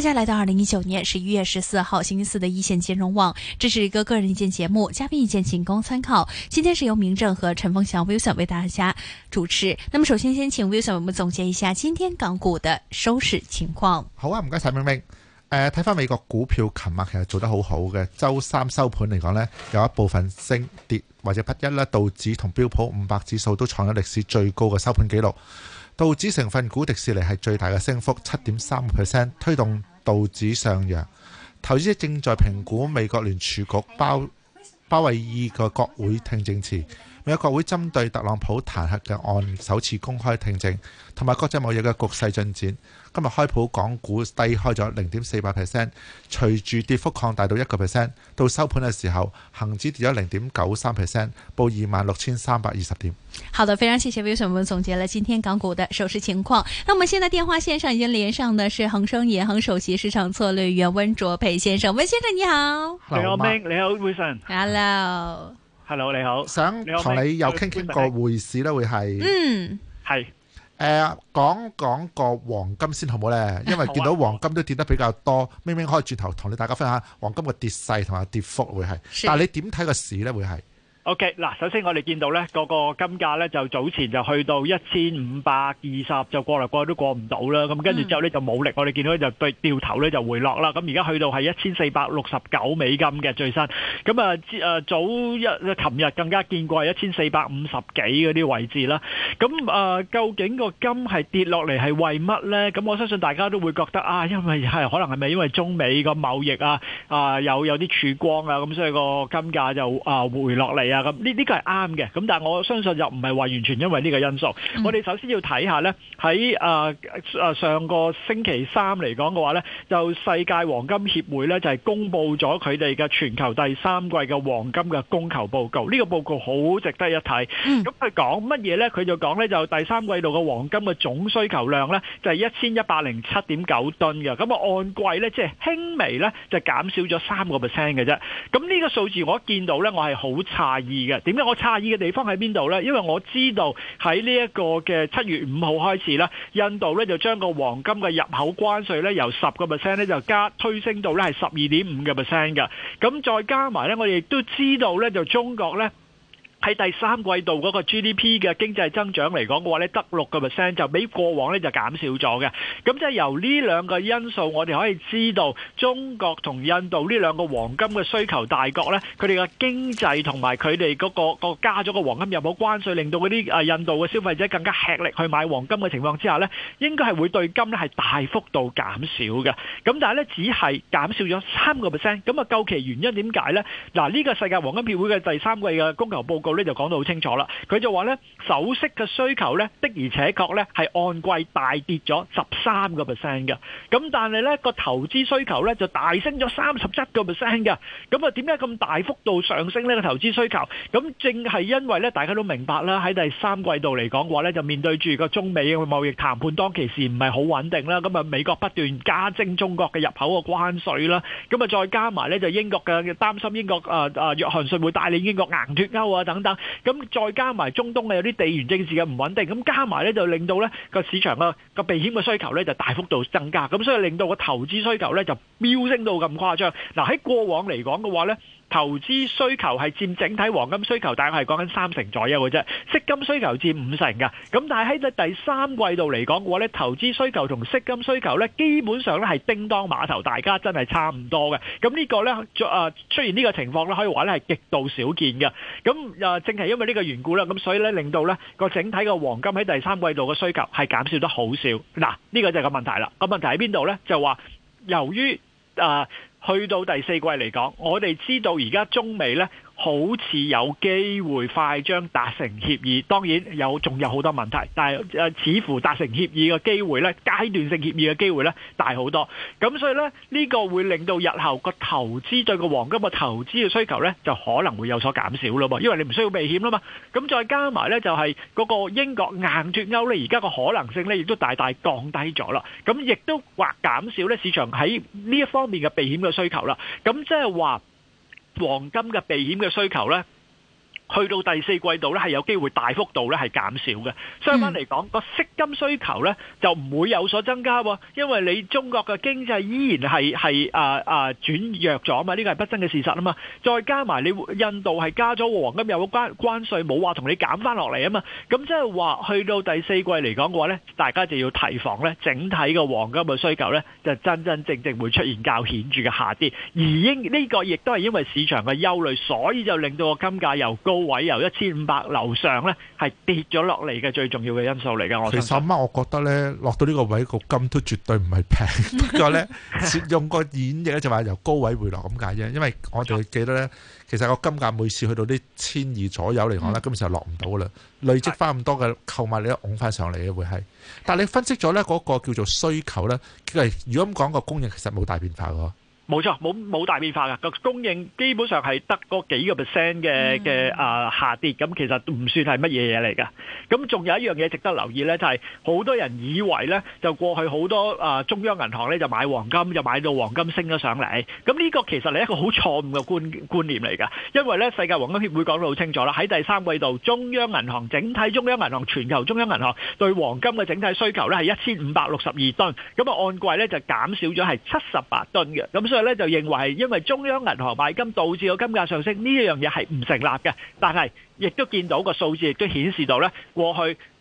大家來到二零一九年十一月十四號星期四的一線金融網，這是一個個人意見節目，嘉賓意見僅供參考。今天是由名正和陳鳳翔 Wilson 為大家主持。那麼首先先請 Wilson，我們總結一下今天港股的收市情況。好啊，唔該晒，明明。誒、呃，睇返美國股票，琴日其實做得好好嘅。周三收盤嚟講呢，有一部分升跌或者不一啦。道指同標普五百指數都創咗歷史最高嘅收盤紀錄。道指成分股迪士尼係最大嘅升幅，七點三 percent，推動。道指上揚，投資者正在評估美國聯儲局鮑鮑威爾嘅國會聽證詞，美國國會針對特朗普彈劾嘅案首次公開聽證，同埋國際貿易嘅局勢進展。今日開盤港股低開咗零點四百 percent，隨住跌幅擴大到一個 percent，到收盤嘅時候，恒指跌咗零點九三 percent，報二萬六千三百二十點。好的，非常謝謝 Wilson，我們總結了今天港股的收市情況。那我們現在電話線上已經連上嘅是恒生銀行首席市場策略員溫灼培先生，溫先生你好。你好，你好 Wilson。Hello, Hello。Hello. Hello. Hello，你好。想同你又傾傾個匯市咧，會係嗯係。誒、呃、講講個黃金先好唔好咧？因為見到黃金都跌得比較多，啊啊、明明可以轉頭同你大家分享下黃金嘅跌勢同埋跌幅會係，但係你點睇個市咧會係？O.K. 嗱，首先我哋見到咧，個金價咧就早前就去到一千五百二十，就過嚟過去都過唔到啦。咁跟住之後咧就冇力，我哋見到就對掉頭咧就回落啦。咁而家去到係一千四百六十九美金嘅最新。咁啊，早一琴日更加見過係一千四百五十幾嗰啲位置啦。咁啊，究竟個金係跌落嚟係為乜咧？咁我相信大家都會覺得啊，因為係可能係咪因為中美個貿易啊啊有有啲曙光啊，咁所以個金價就啊回落嚟啊？呢呢個係啱嘅，咁但係我相信又唔係話完全因為呢個因素。我哋首先要睇下咧，喺誒誒上個星期三嚟講嘅話咧，就世界黃金協會咧就係公布咗佢哋嘅全球第三季嘅黃金嘅供求報告。呢個報告好值得一睇。咁佢講乜嘢咧？佢就講咧就第三季度嘅黃金嘅總需求量咧就係一千一百零七點九噸嘅。咁啊按季咧即係輕微咧就減少咗三個 percent 嘅啫。咁呢個數字我見到咧，我係好差。二嘅點解我詫異嘅地方喺邊度咧？因為我知道喺呢一個嘅七月五號開始咧，印度咧就將個黃金嘅入口關稅咧由十個 percent 咧就加推升到咧係十二點五個 percent 嘅。咁再加埋咧，我亦都知道咧就中國咧。喺第三季度嗰個 GDP 嘅經濟增長嚟講嘅話咧，得六個 percent 就比過往咧就減少咗嘅。咁即係由呢兩個因素，我哋可以知道中國同印度呢兩個黃金嘅需求大國咧，佢哋嘅經濟同埋佢哋嗰個加咗個黃金有冇關稅，令到嗰啲誒印度嘅消費者更加吃力去買黃金嘅情況之下咧，應該係會對金咧係大幅度減少嘅。咁但係咧只係減少咗三個 percent。咁啊，究其原因點解咧？嗱，呢個世界黃金協會嘅第三季嘅供求報告。佢呢就講到好清楚啦，佢就話呢首飾嘅需求呢的而且確呢係按季大跌咗十三個 percent 嘅，咁但係呢個投資需求呢就大升咗三十七個 percent 嘅，咁啊點解咁大幅度上升呢個投資需求？咁正係因為呢大家都明白啦，喺第三季度嚟講話呢就面對住個中美嘅貿易談判當其時唔係好穩定啦，咁啊美國不斷加徵中國嘅入口個關稅啦，咁啊再加埋呢就英國嘅擔心英國啊啊約翰遜會帶領英國硬脱歐啊等。咁，再加埋中東啊，有啲地緣政治嘅唔穩定，咁加埋咧就令到咧個市場啊個避險嘅需求咧就大幅度增加，咁所以令到個投資需求咧就飆升到咁誇張。嗱喺過往嚟講嘅話咧。投資需求係佔整體黃金需求，大概係講緊三成左右嘅啫。飾金需求佔五成㗎，咁但係喺第三季度嚟講嘅話咧，投資需求同飾金需求咧，基本上咧係叮噹馬頭，大家真係差唔多嘅。咁呢個咧，作出現呢個情況咧，可以話咧係極度少見嘅。咁啊，正係因為呢個緣故啦，咁所以咧令到咧個整體嘅黃金喺第三季度嘅需求係減少得好少。嗱，呢、呢個就係個問題啦。個問題喺邊度咧？就話由於啊。呃去到第四季嚟講，我哋知道而家中美咧。好似有機會快將達成協議，當然有，仲有好多問題，但係誒，似乎達成協議嘅機會咧，階段性協議嘅機會咧，大好多。咁所以咧，呢、呢個會令到日後個投資對個黃金嘅投資嘅需求咧，就可能會有所減少啦。因為你唔需要避險啦嘛。咁再加埋咧，就係、係、嗰個英國硬脫歐咧，而家個可能性咧，亦都大大降低咗啦。咁亦都或減少咧市場喺呢一方面嘅避險嘅需求啦。咁即係話。黃金嘅避險嘅需求咧。去到第四季度咧，係有機會大幅度咧係減少嘅。相反嚟講，個息金需求咧就唔會有所增加，因為你中國嘅經濟依然係係啊啊轉弱咗嘛，呢個係不爭嘅事實啊嘛。再加埋你印度係加咗黃金有關關稅，冇話同你減翻落嚟啊嘛。咁即係話去到第四季嚟講嘅話咧，大家就要提防咧，整體嘅黃金嘅需求咧就真真正正會出現較顯著嘅下跌。而應呢個亦都係因為市場嘅憂慮，所以就令到個金價又高。位由一千五百樓上咧，係跌咗落嚟嘅最重要嘅因素嚟噶。我其實阿媽，我覺得咧，落到呢個位個金都絕對唔係平，不過咧用個演繹咧就話由高位回落咁解啫。因為我哋記得咧，其實個金價每次去到啲千二左右嚟講咧，咁就落唔到啦，累積翻咁多嘅購買力都拱翻上嚟嘅會係。但係你分析咗咧嗰個叫做需求咧，如果咁講個供應其實冇大變化個。冇錯，冇冇大變化㗎，個供應基本上係得嗰幾個 percent 嘅嘅啊下跌，咁其實唔算係乜嘢嘢嚟㗎。咁仲有一樣嘢值得留意呢，就係好多人以為呢，就過去好多啊中央銀行呢就買黃金，就買到黃金升咗上嚟。咁呢個其實係一個好錯誤嘅觀觀念嚟㗎，因為呢世界黃金協會講得好清楚啦，喺第三季度中央銀行整體中央銀行全球中央銀行對黃金嘅整體需求呢係一千五百六十二噸，咁啊按季呢就減少咗係七十八噸嘅，咁所以。咧，就認為，係因為中央銀行買金導致個金價上升呢樣嘢係唔成立嘅，但係亦都見到個數字亦都顯示到咧過去。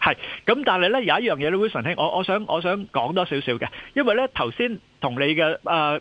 係，咁但係咧有一樣嘢你會神興，我我想我想講多少少嘅，因為咧頭先。同你嘅誒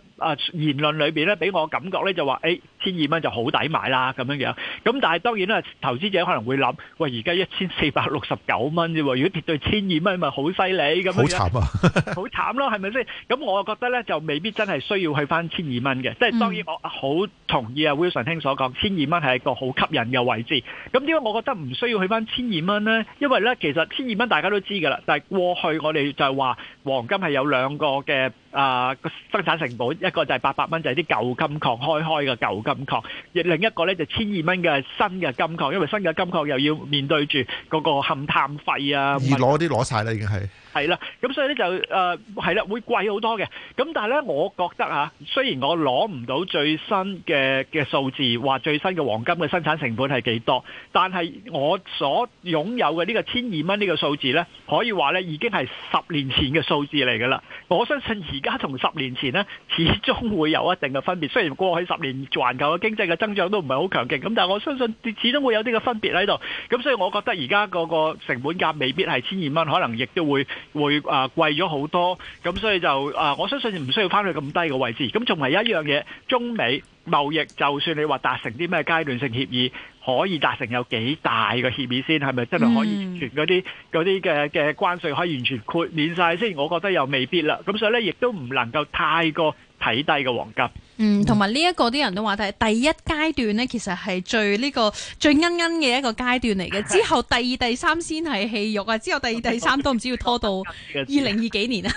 言論裏面咧，俾我感覺咧就話，誒千二蚊就好抵買啦咁樣嘅，咁但係當然啦，投資者可能會諗，喂而家一千四百六十九蚊啫，如果跌到千二蚊，咪好犀利咁樣。好慘啊！好慘咯，係咪先？咁我覺得咧就未必真係需要去返千二蚊嘅。即係當然，我好同意啊 Wilson 兄所講，千二蚊係一個好吸引嘅位置。咁點解我覺得唔需要去返千二蚊咧？因為咧其實千二蚊大家都知㗎啦，但係過去我哋就係話。黃金係有兩個嘅啊生產成本，一個就係八百蚊，就係、是、啲舊金礦開開嘅舊金礦，另一個呢，就千二蚊嘅新嘅金礦，因為新嘅金礦又要面對住嗰個勘探費啊。攞啲攞晒啦，已經係。係啦，咁所以咧就誒係啦，會貴好多嘅。咁但係咧，我覺得啊，雖然我攞唔到最新嘅嘅數字，話最新嘅黃金嘅生產成本係幾多，但係我所擁有嘅呢個千二蚊呢個數字咧，可以話咧已經係十年前嘅數字嚟噶啦。我相信而家同十年前呢，始終會有一定嘅分別。雖然過去十年全球嘅經濟嘅增長都唔係好強勁，咁但係我相信，始終會有啲嘅分別喺度。咁所以我覺得而家嗰個成本價未必係千二蚊，可能亦都會。會啊貴咗好多，咁所以就啊我相信唔需要翻去咁低嘅位置。咁仲係一樣嘢，中美貿易就算你話達成啲咩階段性協議，可以達成有幾大嘅協議先，係咪真係可以完全嗰啲嗰啲嘅嘅關稅可以完全豁免晒先？我覺得又未必啦。咁所以咧，亦都唔能夠太過睇低個黃金。嗯，同埋呢一個啲人都話，睇第一階段呢，其實係最呢個最恩恩嘅一個階段嚟嘅。之後第二、第三先係戲肉啊，之後第二、第三都唔知要拖到二零二幾年啊。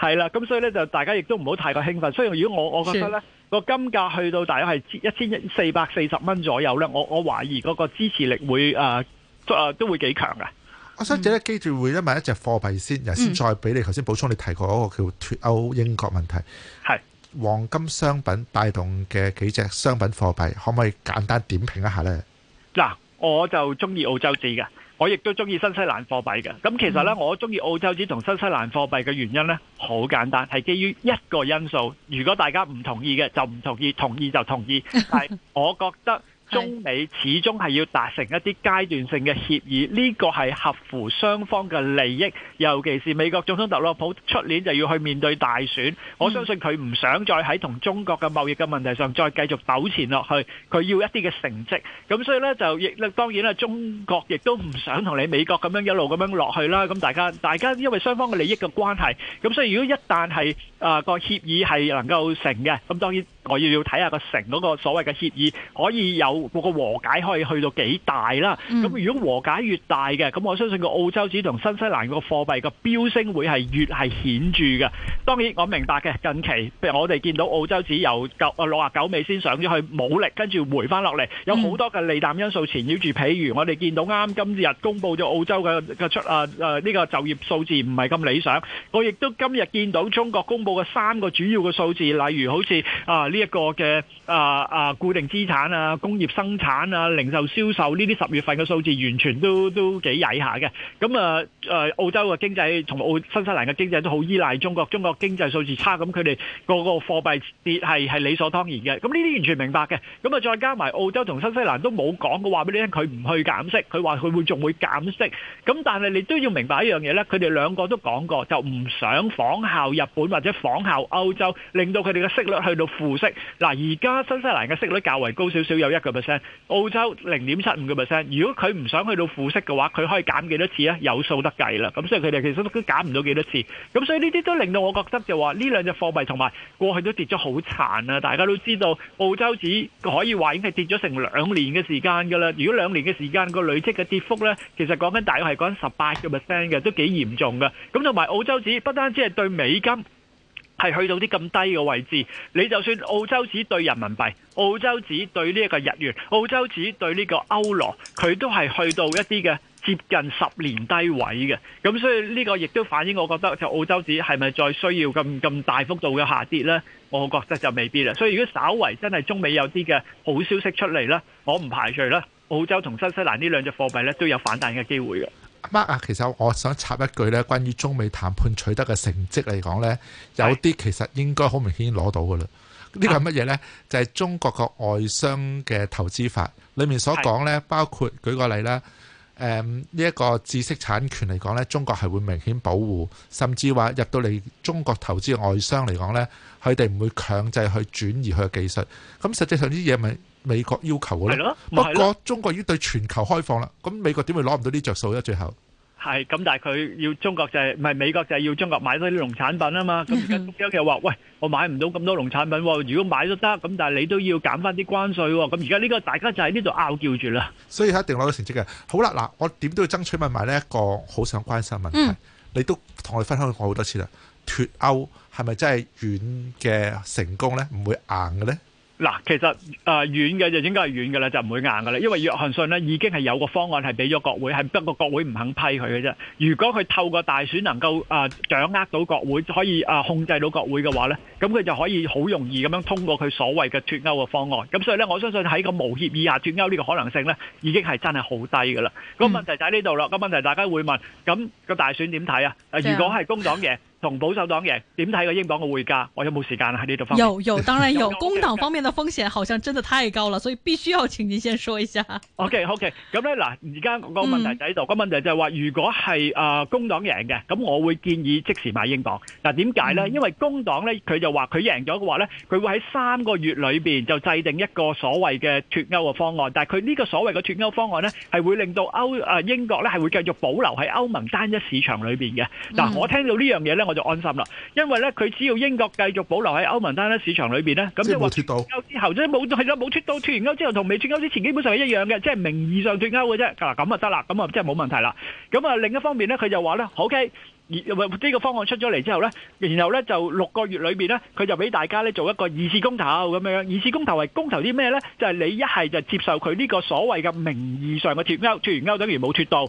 係 啦，咁所以呢，就大家亦都唔好太過興奮。雖然如果我我覺得呢個金價去到大約係一千四百四十蚊左右呢，我我懷疑嗰個支持力會誒、啊、都會幾強嘅。我想者呢記住會咧，買一隻貨幣先，先、嗯、再俾你。頭先補充你提過嗰個叫脫歐英國問題係。黃金商品帶動嘅幾隻商品貨幣，可唔可以簡單點評一下呢？嗱，我就中意澳洲紙嘅，我亦都中意新西蘭貨幣嘅。咁其實呢，嗯、我中意澳洲紙同新西蘭貨幣嘅原因呢，好簡單，係基於一個因素。如果大家唔同意嘅，就唔同意，同意就同意。但係我覺得。 中美始終係要達成一啲階段性嘅協議，呢個係合乎雙方嘅利益，尤其是美國總統特朗普出年就要去面對大選，我相信佢唔想再喺同中國嘅貿易嘅問題上再繼續糾纏落去，佢要一啲嘅成績。咁所以呢就亦當然啦，中國亦都唔想同你美國咁樣一路咁樣落去啦。咁大家大家因為雙方嘅利益嘅關係，咁所以如果一旦係啊個協議係能夠成嘅，咁當然。我要要睇下個成嗰個所謂嘅協議可以有個個和解可以去到幾大啦。咁、嗯、如果和解越大嘅，咁我相信個澳洲紙同新西蘭個貨幣個飆升會係越係顯著嘅。當然我明白嘅，近期譬如我哋見到澳洲紙由九六啊九尾先上咗去武力，冇力跟住回翻落嚟，有好多嘅利淡因素纏繞住。譬如我哋見到啱今日公布咗澳洲嘅嘅出啊呢、啊呢個就業數字唔係咁理想。我亦都今日見到中國公布嘅三個主要嘅數字，例如好似啊。呢一個嘅啊啊固定資產啊、工業生產啊、零售銷售呢啲十月份嘅數字，完全都都幾曳下嘅。咁啊誒澳洲嘅經濟同澳新西蘭嘅經濟都好依賴中國，中國經濟數字差，咁佢哋個個貨幣跌係係理所當然嘅。咁呢啲完全明白嘅。咁啊再加埋澳洲同新西蘭都冇講過，話俾你聽，佢唔去減息，佢話佢會仲會減息。咁但係你都要明白一樣嘢咧，佢哋兩個都講過，就唔想仿效日本或者仿效歐洲，令到佢哋嘅息率去到負。嗱，而家新西蘭嘅息率較為高少少，有一個 percent；澳洲零點七五個 percent。如果佢唔想去到負息嘅話，佢可以減幾多次咧？有數得計啦。咁所以佢哋其實都減唔到幾多次。咁所以呢啲都令到我覺得就話呢兩隻貨幣同埋過去都跌咗好慘啊！大家都知道澳洲紙可以話已經係跌咗成兩年嘅時間㗎啦。如果兩年嘅時間個累積嘅跌幅咧，其實講緊大概係講緊十八個 percent 嘅，都幾嚴重㗎。咁同埋澳洲紙不單止係對美金。係去到啲咁低嘅位置，你就算澳洲紙對人民幣、澳洲紙對呢一個日元、澳洲紙對呢個歐羅，佢都係去到一啲嘅接近十年低位嘅。咁所以呢個亦都反映，我覺得就澳洲紙係咪再需要咁咁大幅度嘅下跌呢？我覺得就未必啦。所以如果稍為真係中美有啲嘅好消息出嚟呢，我唔排除啦，澳洲同新西蘭呢兩隻貨幣呢都有反彈嘅機會嘅。Mark 啊，其實我想插一句咧，關於中美談判取得嘅成績嚟講咧，有啲其實應該好明顯攞到㗎啦。呢個係乜嘢咧？就係、是、中國個外商嘅投資法裏面所講咧，包括舉個例啦。誒、嗯，呢、這、一個知識產權嚟講咧，中國係會明顯保護，甚至話入到嚟中國投資嘅外商嚟講咧，佢哋唔會強制去轉移佢嘅技術。咁實際上啲嘢咪？美國要求嘅咧，不過中國已經對全球開放啦，咁美國點會攞唔到啲着數咧？最後係咁，但係佢要中國就係唔係美國就係要中國買多啲農產品啊嘛。咁而家中央又話：喂，我買唔到咁多農產品，如果買都得，咁但係你都要減翻啲關稅。咁而家呢個大家就喺呢度拗叫住啦。所以一定攞到成績嘅。好啦，嗱，我點都要爭取問埋呢一個好想關心嘅問題。你都同我哋分享過好多次啦。脱歐係咪真係軟嘅成功咧？唔會硬嘅咧？嗱，其實誒軟嘅就應該係軟嘅啦，就唔會硬嘅啦。因為約翰遜咧已經係有個方案係俾咗國會，係不過國會唔肯批佢嘅啫。如果佢透過大選能夠誒、呃、掌握到國會，可以誒、呃、控制到國會嘅話咧，咁佢就可以好容易咁樣通過佢所謂嘅脱歐嘅方案。咁所以咧，我相信喺個無協議下脱歐呢個可能性咧，已經係真係好低嘅啦。個問題就喺呢度啦。個問題大家會問，咁、個大選點睇啊？如果係工黨嘅？嗯 同保守黨贏，點睇個英鎊嘅匯價？我有冇時間喺呢度翻？有有，當然有。工黨方面的風險好像真的太高了，所以必須要請您先說一下。OK OK，咁咧嗱，而家個問題就喺度，個問題就係話，如果係誒工黨贏嘅，咁我會建議即時買英鎊。嗱，點解咧？因為工黨咧，佢就話佢贏咗嘅話咧，佢會喺三個月裏邊就制定一個所謂嘅脫歐嘅方案。但係佢呢個所謂嘅脫歐方案咧，係會令到歐誒英國咧係會繼續保留喺歐盟單一市場裏邊嘅。嗱，我聽到呢樣嘢咧。我就安心啦，因為咧佢只要英國繼續保留喺歐盟單一市場裏邊咧，咁即係冇脫到脫完歐之後，即係冇係啦，冇脫到脫完歐之後，同未脫歐之前基本上係一樣嘅，即係名義上脫歐嘅啫。嗱，咁啊得啦，咁啊即係冇問題啦。咁啊另一方面咧，佢就話咧，OK，而呢個方案出咗嚟之後咧，然後咧就六個月裏邊咧，佢就俾大家咧做一個二次公投咁樣。二次公投係公投啲咩咧？就係你一係就接受佢呢個所謂嘅名義上嘅脫歐，脫完歐等於冇脫到。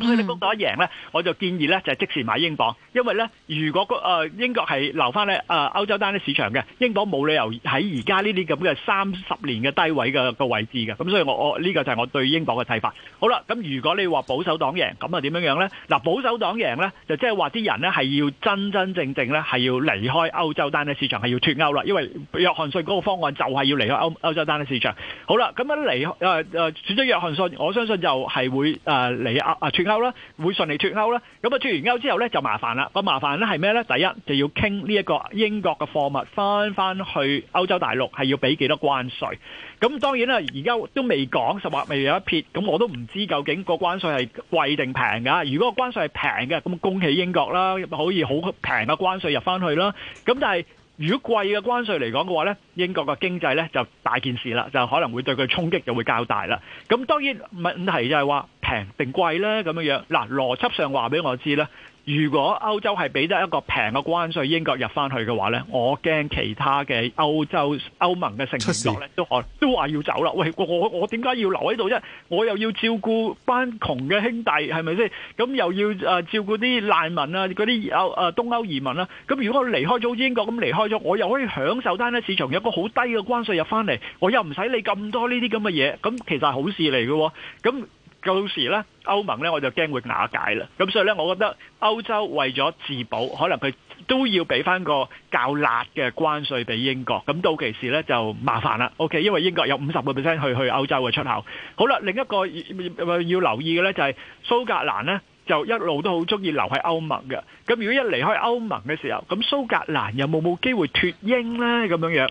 咁所以你講到工黨贏咧，我就建議呢，就係即時買英鎊，因為呢、呃嗯這個嗯，如果個英國係留翻咧誒歐洲單一市場嘅，英鎊冇理由喺而家呢啲咁嘅三十年嘅低位嘅個位置嘅。咁所以我我，呢個就係我對英鎊嘅睇法。好啦，咁如果你話保守黨贏，咁啊點樣樣呢？嗱，保守黨贏呢，就即係話啲人呢係要真真正正呢係要離開歐洲單一市場，係要脱歐啦。因為約翰遜嗰個方案就係要離開歐歐洲單一市場。好啦，咁一離誒誒、呃、選咗約翰遜，我相信就係會誒、呃、離啊歐啊脱。啦，會順利脫歐啦。咁啊，脫完歐之後咧，就麻煩啦。咁麻煩咧係咩咧？第一就要傾呢一個英國嘅貨物翻翻去歐洲大陸，係要俾幾多關稅。咁當然啦，而家都未講，實話未有一撇，咁我都唔知究竟個關稅係貴定平噶。如果個關稅係平嘅，咁恭喜英國啦，可以好平嘅關稅入翻去啦。咁但係如果貴嘅關稅嚟講嘅話咧，英國嘅經濟咧就大件事啦，就可能會對佢嘅衝擊就會較大啦。咁當然問題就係話。平定貴呢？咁樣樣嗱，邏輯上話俾我知呢，如果歐洲係俾得一個平嘅關稅，英國入翻去嘅話呢，我驚其他嘅歐洲歐盟嘅成員國都可都話要走啦。喂，我我我點解要留喺度啫？我又要照顧班窮嘅兄弟，係咪先？咁又要誒照顧啲難民啊，嗰啲有誒東歐移民啊。咁如果離開咗英國咁離開咗，我又可以享受單一市場有一個好低嘅關稅入翻嚟，我又唔使理咁多呢啲咁嘅嘢。咁其實係好事嚟嘅啊，咁。到時咧，歐盟咧我就驚會瓦解啦。咁所以咧，我覺得歐洲為咗自保，可能佢都要俾翻個較辣嘅關稅俾英國。咁到其時咧就麻煩啦。OK，因為英國有五十個 percent 去去歐洲嘅出口。好啦，另一個要留意嘅咧就係蘇格蘭咧，就一路都好中意留喺歐盟嘅。咁如果一離開歐盟嘅時候，咁蘇格蘭有冇冇機會脫英咧？咁樣樣。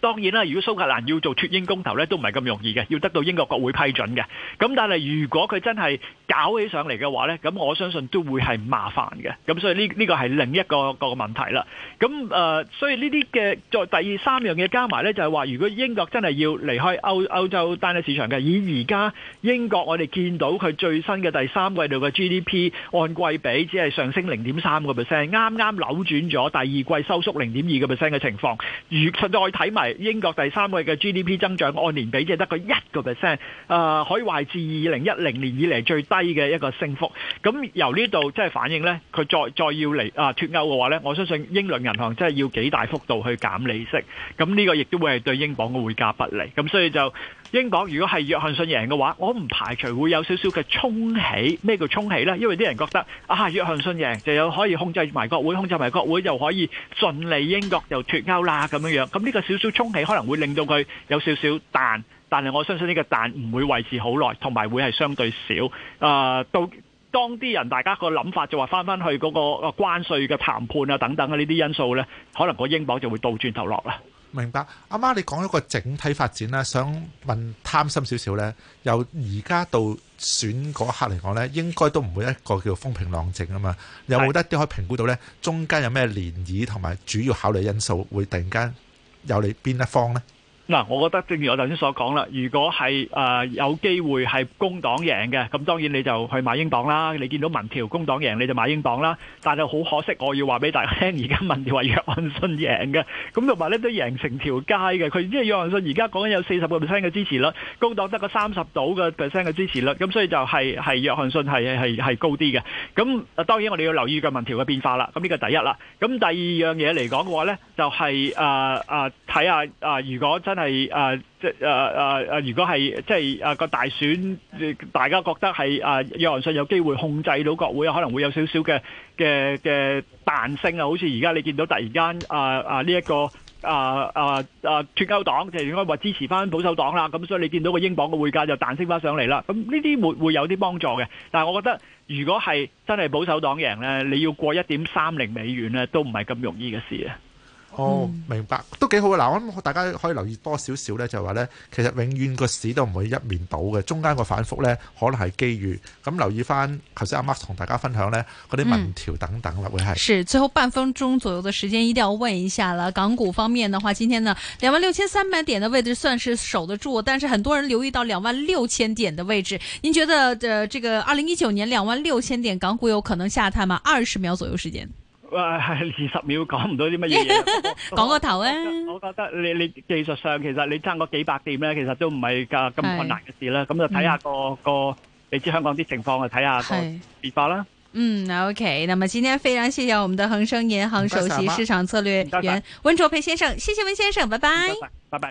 當然啦，如果蘇格蘭要做脱英公投咧，都唔係咁容易嘅，要得到英國國會批准嘅。咁但係如果佢真係搞起上嚟嘅話咧，咁我相信都會係麻煩嘅。咁所以呢呢、呢個係另一個、嗰個問題啦。咁誒、呃，所以呢啲嘅再第二三樣嘢加埋咧，就係、係、話如果英國真係要離開歐歐洲單一市場嘅，以而家英國我哋見到佢最新嘅第三季度嘅 GDP 按季比只係上升零點三個 percent，啱啱扭轉咗第二季收縮零點二個 percent 嘅情況。如再睇埋。英國第三季嘅 GDP 增長按年比只係得個一個 percent，啊，可以話係自二零一零年以嚟最低嘅一個升幅。咁由呢度即係反映咧，佢再再要嚟啊脱歐嘅話咧，我相信英倫銀行真係要幾大幅度去減利息。咁呢個亦都會係對英鎊嘅匯價不利。咁所以就。英鎊如果係約翰遜贏嘅話，我唔排除會有少少嘅沖起。咩叫沖起呢？因為啲人覺得啊，約翰遜贏就有可以控制埋國會，控制埋國會又可以順利英國就脫歐啦咁樣樣。咁呢個少少沖起可能會令到佢有少少彈，但係我相信呢個彈唔會維持好耐，同埋會係相對少。誒、呃，到當啲人大家個諗法就話翻翻去嗰個關稅嘅談判啊等等啊呢啲因素呢，可能個英鎊就會倒轉頭落啦。明白，阿媽，媽你講一個整體發展啦，想問貪心少少呢？由而家到選嗰刻嚟講呢，應該都唔會一個叫風平浪靜啊嘛，有冇得一啲可以評估到呢？中間有咩漣漪同埋主要考慮因素會突然間有利邊一方呢？嗱、啊，我覺得正如我頭先所講啦，如果係誒、呃、有機會係工黨贏嘅，咁當然你就去買英鎊啦。你見到民調工黨贏，你就買英鎊啦。但係好可惜，我要話俾大家聽，而家民調係約翰遜贏嘅，咁同埋咧都贏成條街嘅。佢因為約翰遜而家講緊有四十個 percent 嘅支持率，工黨得個三十度嘅 percent 嘅支持率，咁所以就係、係、係約翰遜係係係高啲嘅。咁當然我哋要留意個民調嘅變化啦。咁呢個第一啦。咁第二樣嘢嚟講嘅話咧，就係誒誒睇下誒，如果真係即係如果係即係個大選，大家覺得係啊約翰遜有機會控制到國會，可能會有少少嘅嘅嘅彈性啊。好似而家你見到突然間啊啊呢一個啊啊啊脫鈎黨，就應該話支持翻保守黨啦。咁所以你見到個英鎊嘅匯價就彈升翻上嚟啦。咁呢啲會會有啲幫助嘅。但係我覺得如果係真係保守黨贏咧，你要過一點三零美元咧，都唔係咁容易嘅事啊。哦，明白，都幾好嘅。嗱，我諗大家可以留意多少少呢？就係話呢，其實永遠個市都唔會一面倒嘅，中間個反覆呢，可能係機遇。咁留意翻頭先阿媽同大家分享呢，嗰啲民調等等啦、嗯，會係。是最後半分鐘左右嘅時間，一定要問一下啦。港股方面嘅話，今天呢兩萬六千三百點嘅位置算是守得住，但是很多人留意到兩萬六千點嘅位置。您覺得嘅這個二零一九年兩萬六千點港股有可能下探嗎？二十秒左右時間。哇！ 係二十秒講唔到啲乜嘢，講個頭啊！我覺得你你技術上其實你爭個幾百點咧，其實都唔係咁困難嘅事啦。咁就睇下個個、嗯、你知香港啲情況啊，睇下個變化啦。嗯，OK。咁麼今天非常謝謝我們的恒生銀行首席市場策略員溫、啊、灼培先生，謝謝溫先生，拜拜，謝謝拜拜。